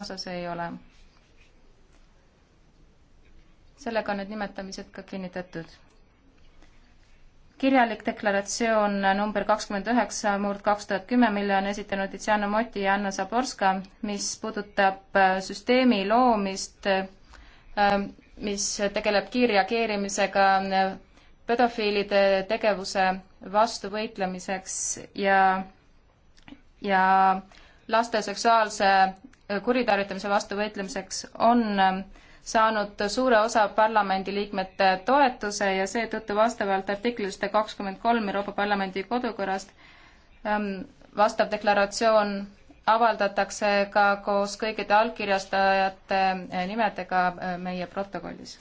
osas ei ole. sellega on need nimetamised ka kinnitatud. kirjalik deklaratsioon number kakskümmend üheksa murd kaks tuhat kümme, mille on esitanud Tiziana Moti ja Anna Zaborska, mis puudutab äh, süsteemi loomist, äh, mis tegeleb kiirreageerimisega äh, pedofiilide tegevuse vastu võitlemiseks ja, ja laste seksuaalse kuritarvitamise vastu võitlemiseks on ähm, saanud suure osa parlamendiliikmete toetuse ja seetõttu vastavalt artiklile sada kakskümmend kolm Euroopa Parlamendi kodukorrast ähm, vastav deklaratsioon avaldatakse ka koos kõikide allkirjastajate äh, nimedega äh, meie protokollis.